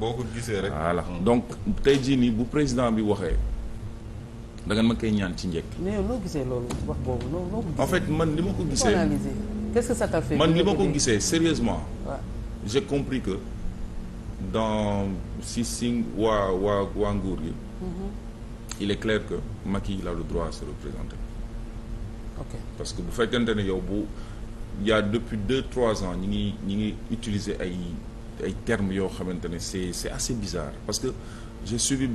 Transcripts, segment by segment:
boo ko gisee rek. voilà donc tey jii nii bu président bi waxee da ngeen ma koy ñaan ci njëkk. mais yow boobu loo en fait man li ma ko gisee. qu'est-ce que man li ma ko gisee sérieusement. waaw j'ai compris que dans si si waa waa waa nguur gi. Mm-hmm. il est clair que Macky il a le droit à se représenter. ok parce que bu fekkente ne yow bu y depuis deux trois ans ñi ngi ñi ngi utiliser ay. ay termes yoo xamante ne c'est c'est assez bizarre parce que j'ai suivi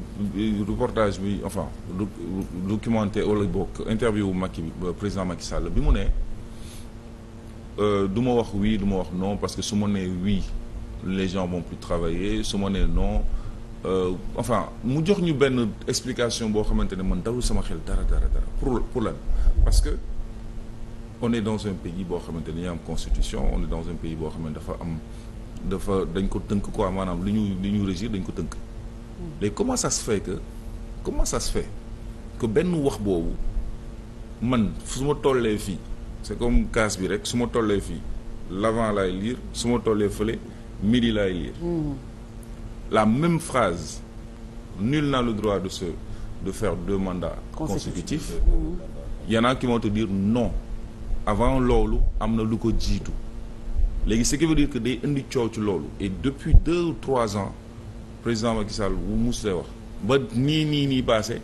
reportage bi enfin documenté wala bokk interview bu Macky euh, président Macky Sall bi mu ne euh, du ma wax oui du ma wax non parce que su ma nee oui les gens vont plus travailler su ma nee non Euh, enfin mu jox ñu benn explication boo xamante ne man dalul sama xel dara dara pour pour lan parce que on est dans un pays boo xamante ne dañu am constitution on est dans un pays boo xamante dafa am dafa dañ ko tënk quoi maanaam lu ñu li ñu régir dañ ko tënk. léegi hmm. comment ça se fait que comment ça se fait que benn wax boobu man su ma tollee fii c'est comme cas bi rek su ma tollee fii l'avant laay lire su ma tollee fële midi laay lire. Hmm. la même phrase nul n'a le droit de se de faire deux mandats consécutifs. y en a te dire non avant loolu am na lu ko jiitu. léegi ce qui veut dire que day indi coow ci loolu et depuis deux ou trois ans président Macky Sall bu mus wax ba nii nii nii passé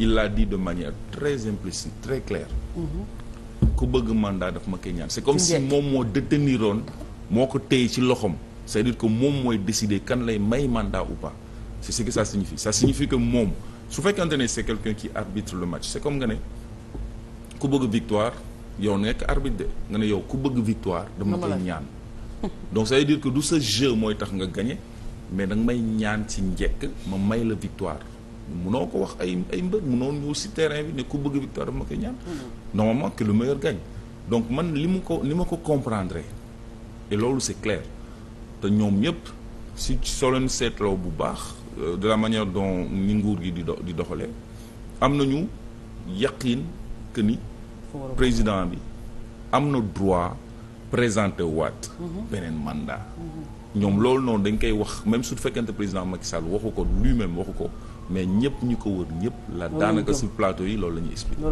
il l'a dit de manière très implicite très claire mm-hmm. ku bëgg mandat daf ma koy ñaan c'est comme si moom moo détenir oon moo ko téye ci loxoom c'est-à-dire que moom mooy décider kan lay may mandat ou pas c'est ce que ça signifie ça signifie que moom su fekkante ne c'est quelqu'un qui arbitre le match c'est comme nga ne ku bëgg yow nekk arbitre de nga ne yow ku bëgg victoire dama koy ñaan donc ça veut dire que du sa jeu mooy tax nga gagné mais danga may ñaan ci njekk ma may la victoire noo ko wax ay ay mbër noo ñëw si terrain bi ne ku bëgg victoire dama koy ñaan mm-hmm. normalement que le meilleur gagne donc man li mu ko li ma ko comprendre et loolu si clair te ñoom ñëpp si soo seetloo bu baax euh, de la manière dont ni nguur gi di doxale am nañu yaqin que ni président bi am na droit présenter waat. beneen mandat. ñoom loolu noonu dañ koy wax même su fekkente président Macky Sall waxu ko lui-même waxu ko mais ñëpp ñu ko wër ñëpp. la daanaka sur plateau yi loolu la ñuy expliquer.